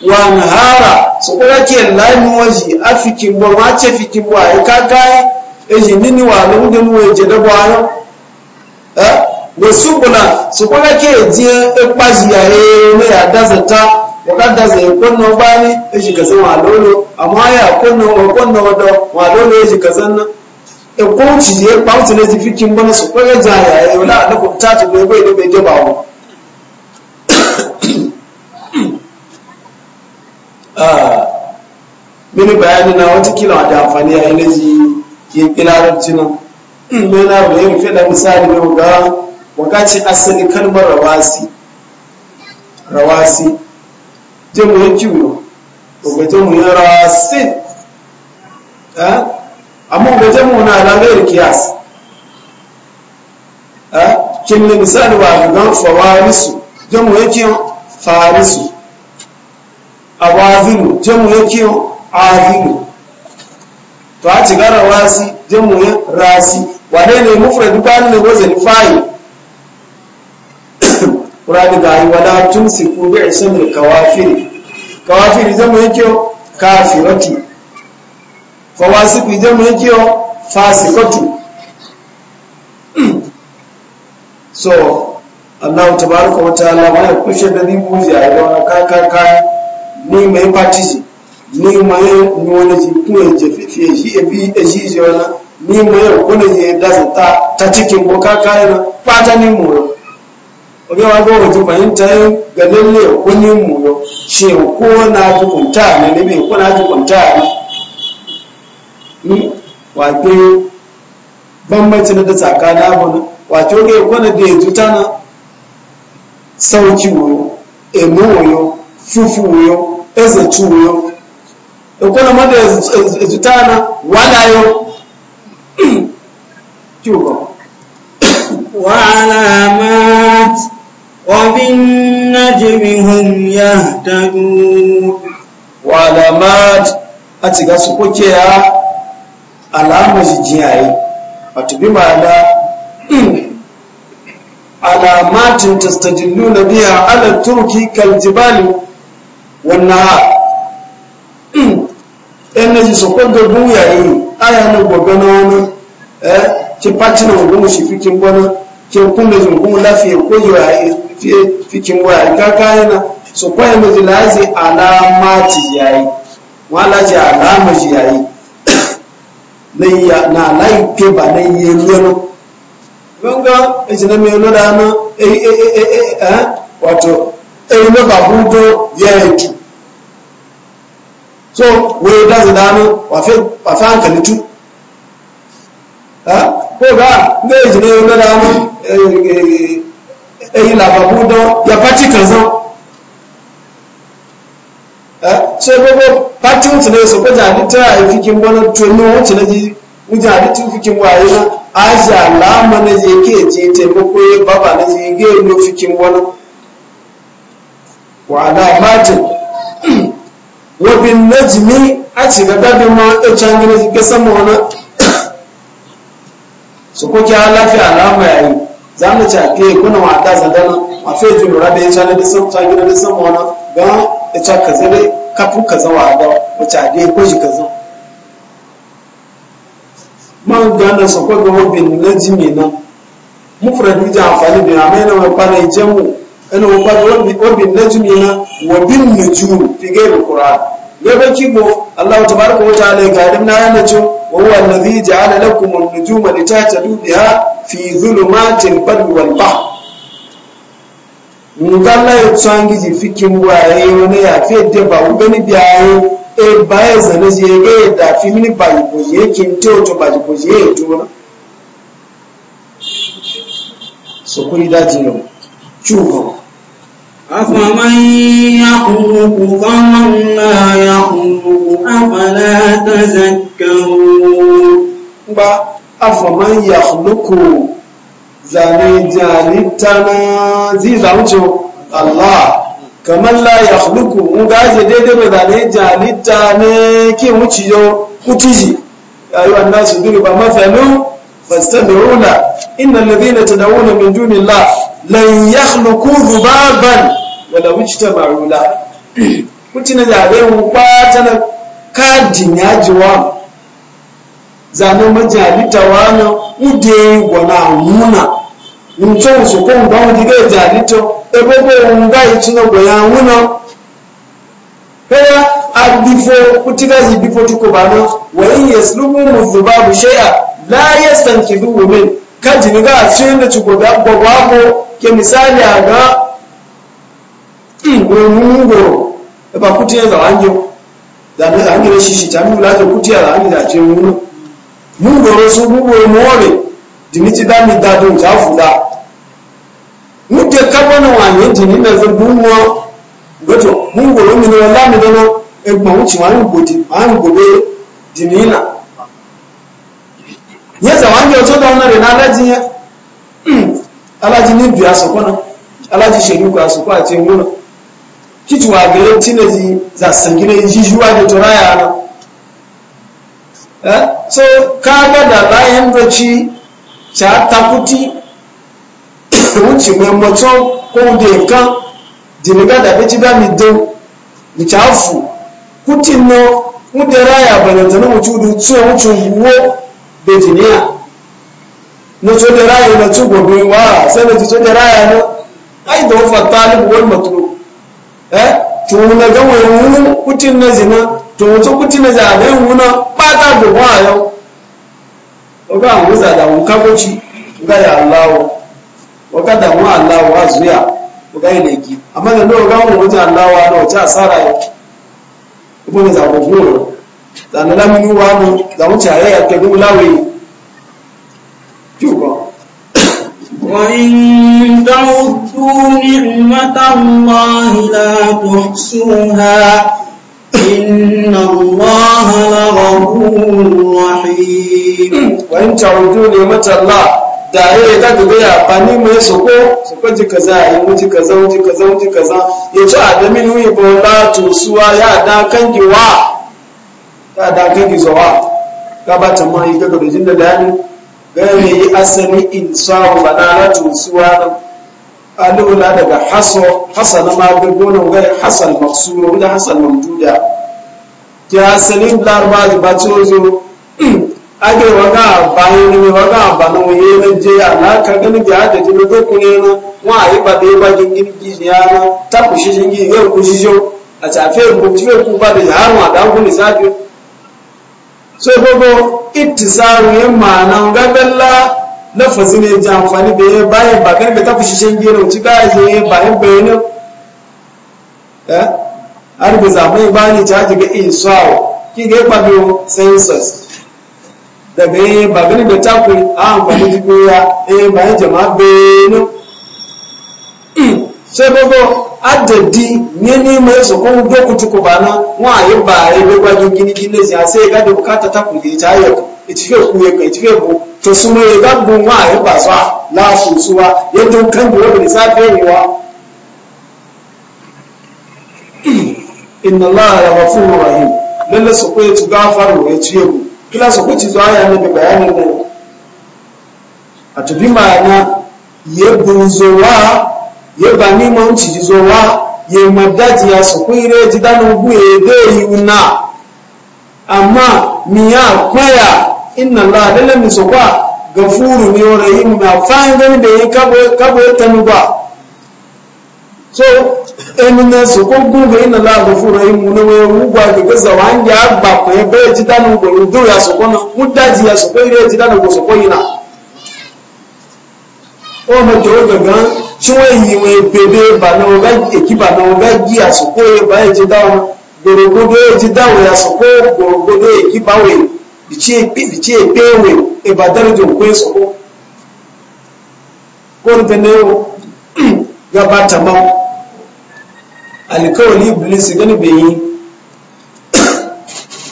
wa nahara su kuga ke lami a fikin buwa ma ce fikin buwaye ka eji nini wa lungun waje e da buwayo eh? e e da su kuna su kuga ke jiya ya yi ya dazata wakanda zai kunna bani eji lolo amma ya kunna wa kunna wa lolo eji ekwoci ne kwamci ne ti fikin bana su kwaye jaya ya yi na kwamta ta bai da bai daba wa mini bayani na wata kila da hmm, amfani a yanayi ya ƙilarar jinan nuna da yin fiɗa misali ne ga wakaci asali kalmar rawasi rawasi jemu ya kiwo ko ga jemu ya rawasi ah? amma ga jamu na ranar kiyas a kin da misali wa ga fawarisu jamu yake farisu awazinu jamu yake azinu to a ci wasi jamu ya rasi wane ne mufrad kan ne wazan fa'i qur'ani ga yi wala tumsiku bi ismil kawafiri kawafir jamu yake kafirati fawasiku idan mun kiyo fasikatu so Allah tabaraka wa ta'ala wani kushe da ni buji a ga wani kakaka ni mai patiji ni mai ni wani ji kuwa jefefe shi ebi e shi je ni mai kuna je da ta ta cikin ko kaka yana kwata ni mu oge wa go wajen fahimta yin ga lalle kunin mu shi ko na hukunta ne ne bai kuna hukunta ne wato bambanci na da tsakanin abu wato ga ikwana da yanzu tana sauki wuyo emu wuyo fufu wuyo ezetu wuyo ikwana ma da yanzu tana walayo kyuba وعلامات وبالنجم هم يهتدون وعلامات أتيغا سكوكيها alama shi jiyayi wato bi ma'ana alamatin tastajillu na biya ala turki kaljibali wannan ha ɗan na ji sokon gabin yayi aya na gwagana wani eh, ki pati na gumu shi fikin gwana ki kunna jin gumu lafiya ko yayi fikin waya ka kayana so kwaye mu zilazi alamati yayi wala ji alama ji yayi na ya na ba na ye lero banga eji na me lora na e e, e e e e eh wato e na ba hudo ye so we da zana no wa fe wa fa hankali tu ha eh, ko ga ne eji na lora na e e, e ya pati kazan Eh? so gbogbo pati ŋutsu ne so gbogbo adi tɛ ayi fi kin bɔna tu wọn ti na dzi ŋutsu adi tu fi kin bɔ ayi na azi ala ama na dzi ke dzi te gbogbo ye baba ne dzi ke no fi kin bɔna wa ala mati wo bi ne dzi mi ati gada bi ma etsa ŋu ne dzi ke sama wɔna so ko kya alafi ala ama yayi zamu tsa ke kuna wa ta zadana ma fe ju lura da etsa ne dzi sama tsa ŋu ne dzi sama wɔna. ga ita ka ne kafu kaza wa ga mutane ko shi kaza man gana su ko ga wabin na jimi nan mufradu da amfani da amma yana mai fara jamu ana wabin wabin na jimi nan wabin nujum fi gairu qur'an ne ba kibo Allah tabaraka wa ta'ala ga dan na yana ce wa huwa alladhi ja'ala lakum an-nujuma litahtadu biha fi dhulumatil barri wal bahr ngala yetswangi zifikin waye wani ya fi yadda ba gani biyaye e baya zane je ga yadda fi mini ba jiboje kin toto ba jiboje ya tona so ko ida jino chugo afaman yakhluqu kaman la yakhluqu afala tazakkarun ba afaman yakhluqu zane na zai zamuce Allah kamar la ya huluku mu gaje daidai ba zane jalitta ne ke wuce yau kutiji rayuwar nasu duru ba mafalu fastamiruna inna alladhina tad'una min dunillah lan yakhluqu dhubaban wala wujtama'u la kutina da bai mu ba ta kadin yajiwa zane majalita wano ude gwana wuna mutum su kun jalito e gogo mun ga yi na goya wuna kada adifo kutiga zibifo tuko bana wa in yaslumu mudhubabu shay'a la yastankidu min kaji ni tuko ke misali aga mungo ba za wanjo da ne an gire shi shi ta mu za mungoro su gbogbo mole dimiti dami dadu jini na zubunwa goto mungoro mini wala mi dono egba uchi wani godi wani gobe dinina yesa wanje oto da ona rena alaji ya alaji ni bi asoko na alaji asoko ati kitu wa gele za sangire de toraya na Eh? so kaga da bayan bacci ta takuti wuce mai mato ko da kan jiniga da bacci ba mi do mi ta fu kutin no mutu raya balanta na mutu da tso wuce yiwo da jiniya na tso da raya na tso gobe wa sai na tso da raya na ai da wafa talib wani matlo eh to na ga wani kutin na zina tòun tó kú tínẹjà àdéhùn náà pátá gbogbo àyọ ọgá àwọn ìzàdà àwọn kábọ́ọ̀tì ọgá yà aláwọ ọgá dàwọn aláwọ àzúyà ọgá ìlẹ̀gì àmọ́lẹ̀ náà ọgá àwọn ọjà aláwọ àná ọjà àsára yẹ ọgbọ́n ní ìzàwọ̀ fún mu lànà lámínú wa nù làwọn tí ààrẹ yàtọ̀ ẹgbẹ́ láwẹ̀ yìí mu ò kọ́. وإن تعدوا نعمة الله لا تحصوها إن الله لغفور رحيم وإن تعودوا نعمة الله da ya yi daga gaya mai soko soko ji kaza ya yi wuji kaza wuji kaza wuji kaza ya ci a da min wuyi bola tosuwa ya da kan giwa ya da kangi zuwa gabata ma yi daga da jin da dani ga yi asali insa samu ba na tosuwa alula daga haso hasana ma gona gai hasan maksuro wani hasan mamduda ya salim larba da ba ozo age waga bayan ne waga bana waye na je ya na ka gani ga da jini ko kune na wa yi ba da ba gingin gi na ta ku shi jingi ya ku jo a tafe ku ci ku da har ma da ku ni so gogo lafazi ne ji amfani da ya bayan ba kan da ta fushi shan gero wuce ga ya bayan bayanin eh har da zamai ba ni ta ji ga insawo ki ga ba biyo census daga ya ba gani da ta ku a amfani da goya eh bayan jama'a bayanin sai gogo adadi ne ni mai su ko dokutu ko bana wa yi ba yi ba gini gini ne sai ga da bukata ta ku ta yi ka itife ku ya ka itife ku to su mai gabbin wa ya basa lasu suwa yadda kan da wani safe ne wa inna allaha la ghafurur rahim lalle su ko ci gafaru ya ci yau kila su ko ci zuwa ya ne bayanin nan a tubi ma'ana ya bunzowa ya ba ni ma unci zowa ya madaji ya su kuire ji danu buye dai yuna amma miya kwaya inna Allah lalle mi sokwa gafuru ni o rahim na fayin gani da yi kabo ya tanu ba so ẹni na sokwa gunga inna Allah gafuru rahim na wai wugwa ga gaza wa an ya ba ko ya bai ji danu ga rudu ya sokwa na mudaji ya sokwa ya ji danu ga sokwa yana o ma jọ gangan tí wọn yi wọn ebede bana ọgá ekiba na ọgá gi àsopọ̀ yẹ ba ẹ ti dáwọn gbòrògbòdò ẹ ti dáwọn àsopọ̀ gbòrògbòdò ba wẹ. ce ìtí èpéwè ìbàdàrìjò pé sọ́kó kóńtẹ́nẹ́wò gaba ma. alikawali iblis gani bai yi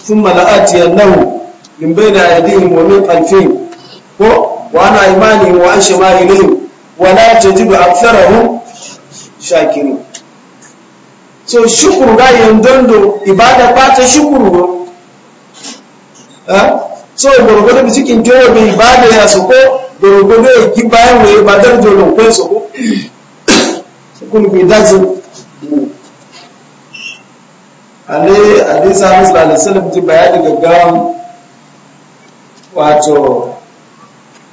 sun mala'ati annahu min bayna aydihim wa min khalfihim ko wa ana imani wa an shimalihim wa la tajidu aktharahum shakirin so shukuru ga yandondo ibada ba ta shukuru so gwargwado bi cikin kewa bai ibada ya soko gwargwado ya ki bayan wa ibadar jolon kai soko sukun bai dace ale hadisa musu alisalam ji bayani gaggawa wato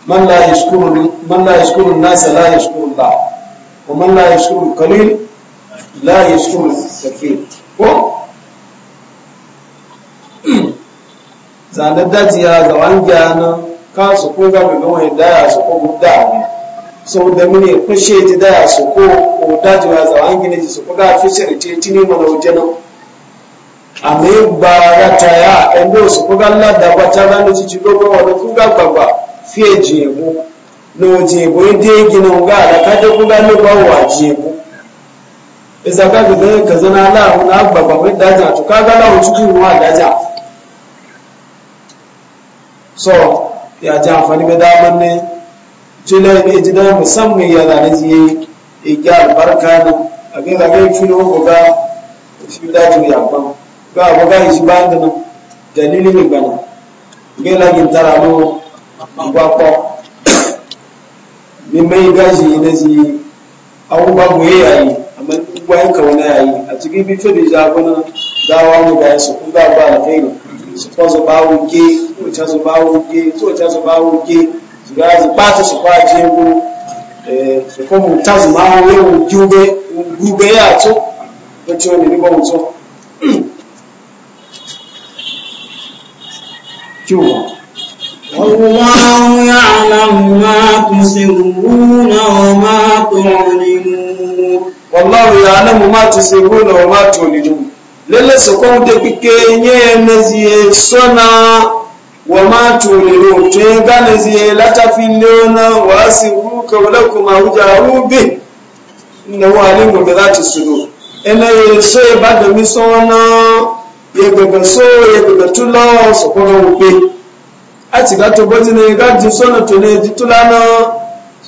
man la yashkuru man la yashkuru nas la yashkuru Allah wa man la yashkuru qalil la yashkuru kathir ko zane daji ya zawan gyana ka su ko ga ga wani daya su ko guda ne so da mune kushe ji daya su ko ko daji ya zawan gine ji su ko fi shirce tini mana wajena amma ba ya taya ɗan do su ko ga ladda ba ta ga ni ci dogo wani ku ga gbagba fiye jebo no jebo ide e gina ga da ka ta ku ga ni ba wa jebo isa e ka ga ka zana la na gbagba mai daja to ka ga la wuci ruwa daja so ya ji amfani da damar ne jina ne ji damar musamman ya zane ji yi igi albarka na abin da gai fi ko ga shi da ji ya ba ga abu ga shi ba da nan dalilin ne bana gai lagin tara mu gwakwa ni mai gaji na ji abubuwa mu yi yayi amma gwayan na yayi a cikin bife da jagonan dawa mu ga su ku ga ba ne. sùpọ̀ zọba oge tí òjá zọba oge tí òjá zọba oge zùgbà zùpá tó sùpọ̀ àti ewu sùpọ̀ mú tazù máa ń wéwu gbígbé àtó tó tí nígbà òtó kí wọ́n. والله يعلم ما تسرون وما تعلنون والله يعلم lalle su kwamta kike nye na ziye sona wa ma tulilo to ya na ziye latafin leona wa asiru ka wala kuma hujaru bi inna huwa alimu bi zati sudur ina ye so ya bada mi sona ya gaga so ya gaga tula su kwamta wupe a ti gato bọ́tí na ya ji sona to ne ji tula na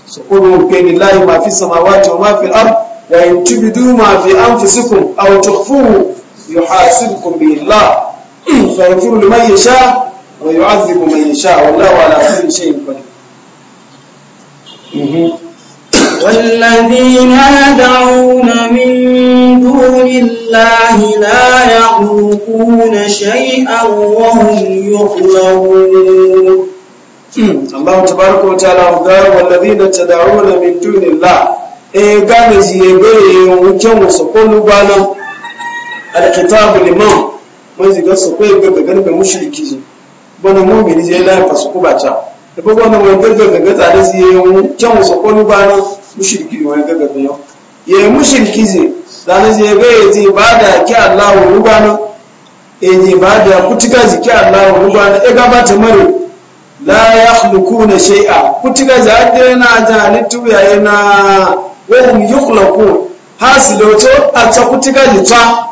su kwamta wupe ni layi ma fi mafi samawati wa mafi ar wa in tubidu mafi anfusikum aw tukhfuhu yuhasibukum bi Allah fa yaghfiru liman yasha wa yu'adhibu man yasha wallahu ala kulli shay'in والذين يدعون من دون الله لا يخلقون شيئا وهم يخلقون Allah tabaraka wa ta'ala ga walladhina tad'una min duni Allah e ga ne ji e ga alkitabu liman mun ziga su kai ga gagan da mushriki ji bana mu'mini je la fa su kuba ta da ba wannan wani gaga gaga tare su yi mu kyan su ko ba na mushriki wani gaga da yau ye mushriki ji da na je ga yi ji ba da ki Allah wa rubana e ji ba da kutuka ji ki Allah wa rubana e ga ba ta mare la yakhluquna shay'a kutuka ji adena jalitu yayina wa hum yukhlaqun hasiloto atsa kutuka ji ta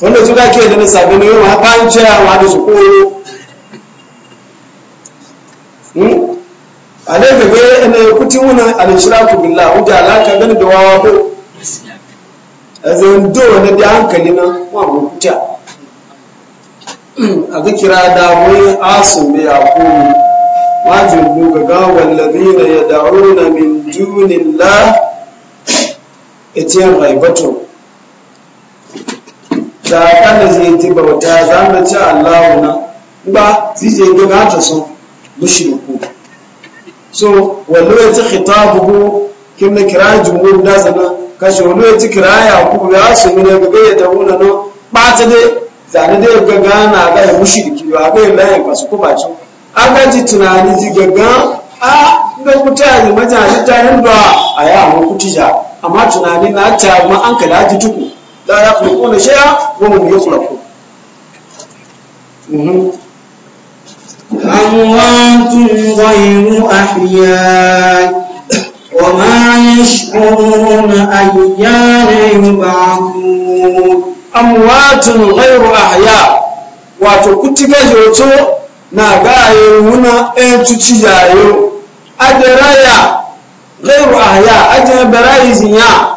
wanda su ke da na sabi na yau haɓa an cewa da su koyo hmm? a nan gaba yana ya kuti wuna bin billah wuce alaka gani da wawa ko a zan dowa na da hankali na wani kuta a zikira da wani asun da ya komi wajin buga gawan labina ya da'una min junin la ita yin raibatun ta kada zai ti bauta za mu ci allahu na ba zai je gina ta so mushriku so wallo ya ci khitabuhu kim na kira jumhur da sana kashe wallo ya ci kiraya ku ya su ne ga ga ta tauna no ba ta dai zane dai ga gana ga ya mushriki ba ga ya ba su ko ba ci an ga ji tunani ji gaga a ga mutane mutane ta hindu a ya mu kutija amma tunani na ta ma an kala ji tuku la yakhluquna shay'a wa hum أموات غير أحياء وما يشعرون أيان يبعثون أموات غير أحياء wato kutika na gaye wuna en tuci yayo adaraya غير أحياء barayi zinya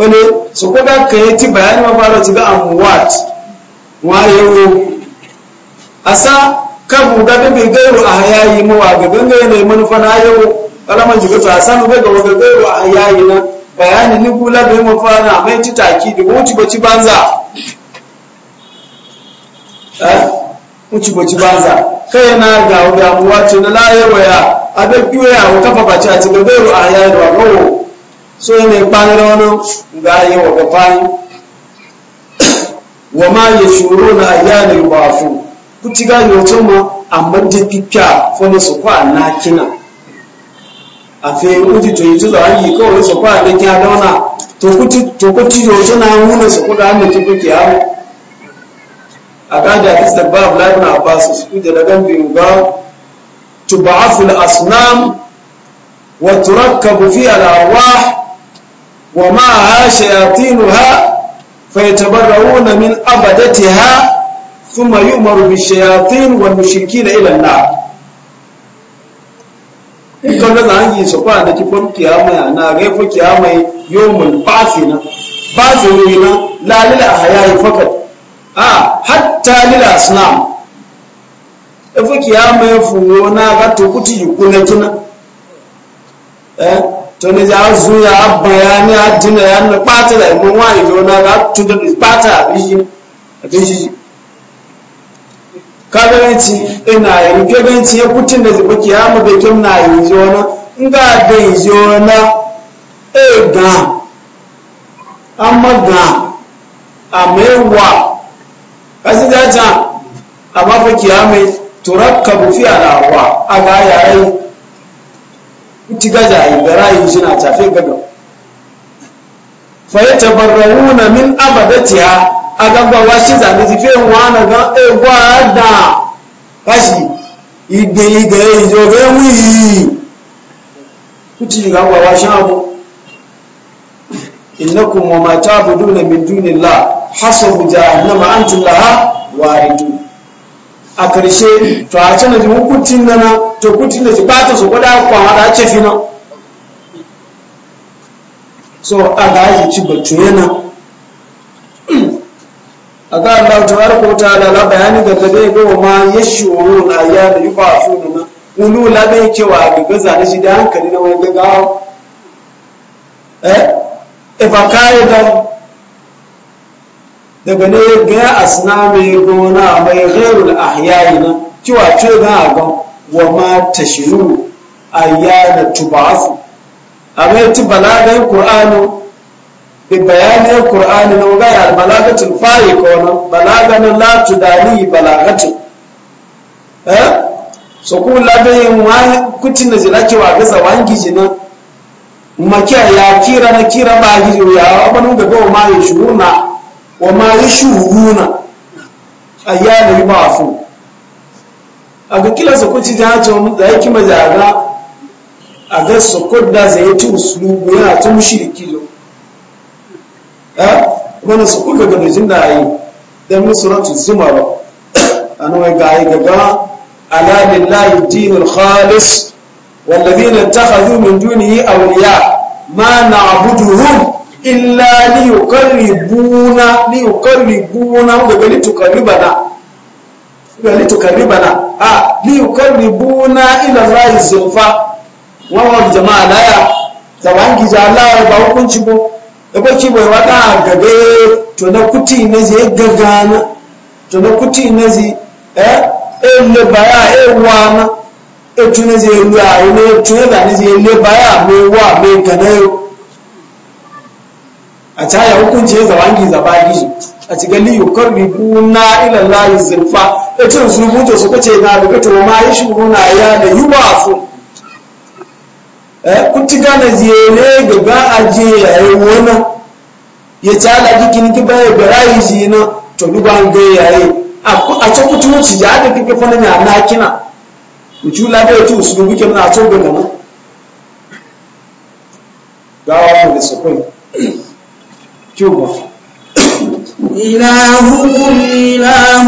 wani su kuma ka yi ti bayani fara ti ga amuwat wayewo asa kabu ga gabi gairu a hayayi mawa ga ganga ne manufa na yau Alamar jiga to asa mu ga ga gairu a hayayi na bayani ni kula da mafara mai ti taki da wuci baci banza eh wuci banza kai na ga ga amuwat na la yawaya abe kiwaya wata fafaci a ti ga gairu a hayayi da wa so ne kpanira wani ga yi wa gafani wa ma ya shuru na ayyana yi bafu kuti ga yi wato ma a da fifya fone su kwa na kina a fe uji to yi tula hanyi kawai su kwa na kina dauna to kuti to kuti na wato na hune su kuda hannu ta fi kiyamu a gada ta sabba abdullahi na ba su kuda da gan biyu ga tuba'aful asnam wa turakkabu da wa وما عاش shayatinuha fayatabarrauna min أبدتها ثم يؤمر بالشياطين والمشركين إلى النار an da zangi su kwa da kifin kiyama ya na ga fa kiyama yawmul basina na la a hayayi faqat a hatta lil asnam fa kiyama ya na kuti toni za su ya bayani a dina ya na ɓata da ibon wa ido na ga a biyi a biyi kagaranci yi gaganci ya kutin da zuba ki na yi jona in da e ga ama ga a maiwa kasi da can a mafi kiyamai turakka ala awa a ga kuti gaja yi da rayin shi tafe gaga fa ya tabarrauna min a gaba wa shi zane ti fe wa na ga e da kashi igbe igbe ijo ge wi kuti ga wa wa shabu innakum wa ma ta'buduna min dunillah hasabu jahannama antum laha waridun a karshe to a cana hukuncin nana to kuti da su bata su kwada kwana da ce fina so a ga yi ci batu yana a ga Allah ta harko ta da la bayani da kade ga ma yashuru na ya da yuba su na ulu la bai cewa ga gaza na shi da hankali na wani gaggawa eh e ba kai da daga ne ga asna mai gona mai ghairul ahyayi ciwa ce ga ga wa ma tashuru ayyana tub'afu amma ti balagan qur'anu bi bayanin ƙur'ani na ga al balagatul fa'iq wa balagan latu da ni eh so ku ladayin wa kutin da jilaki wa ga zawangi jinan makiya ya kira na kira ba gijo ya abin da gawa ma ya shuruna wa ma ya shuruna ayyana yi ba fu a kukila su kuci ta hacci wani tsaki majaga a ga su kudda zai yi cin sulubu ya tun shi da kilo ya wani su kuka ga dajin da yi don musu ratun zuma ba a nuna ga yi gaba alamin layi dinin khalis wallazi na ta hazu min duniyi a wuya ma na abu duhu? illa ni yukarri buna ni yukarri buna ga gani tukarri bana ولتقربنا آه ليقربونا إلى الله الزلفى wawan jama'a laya zawangi ja Allah ba hukunci bo da kwa kibo wata gabe to na kuti na je gagana to na kuti na je eh e, e le baya e wana e tu na je ruwa e ne tu na ni je hukunci zawangi zabagi a ci gali yukar ribu na ilan layin zurfa ya ce su mutu su kace na da kato ma yi shi na ya da yi wa su eh, kun ci gane jere ba a je yayi wani ya ci ala jikin ki baya barayi shi na to duba an ga yayi a ci kutu wuce da aka kike fana na na kina mutu labe ya ci su buke na to gaba na gawa mu da sakwai Cuba. إلهكم إله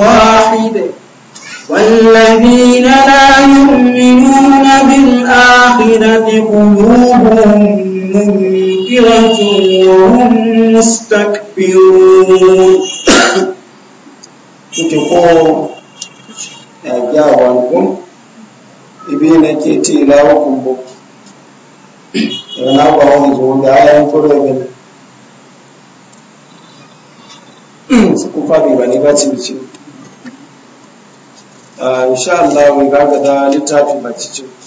واحد والذين لا يؤمنون بالآخرة قلوبهم منكرة وهم مستكبرون تتقوا أجاوانكم ibina ke ce ilawakun bu yana ba wani zuwa da ayan kuro gani sukun faɗi ba ne ba ci bici insha Allah ga da littafi ba ci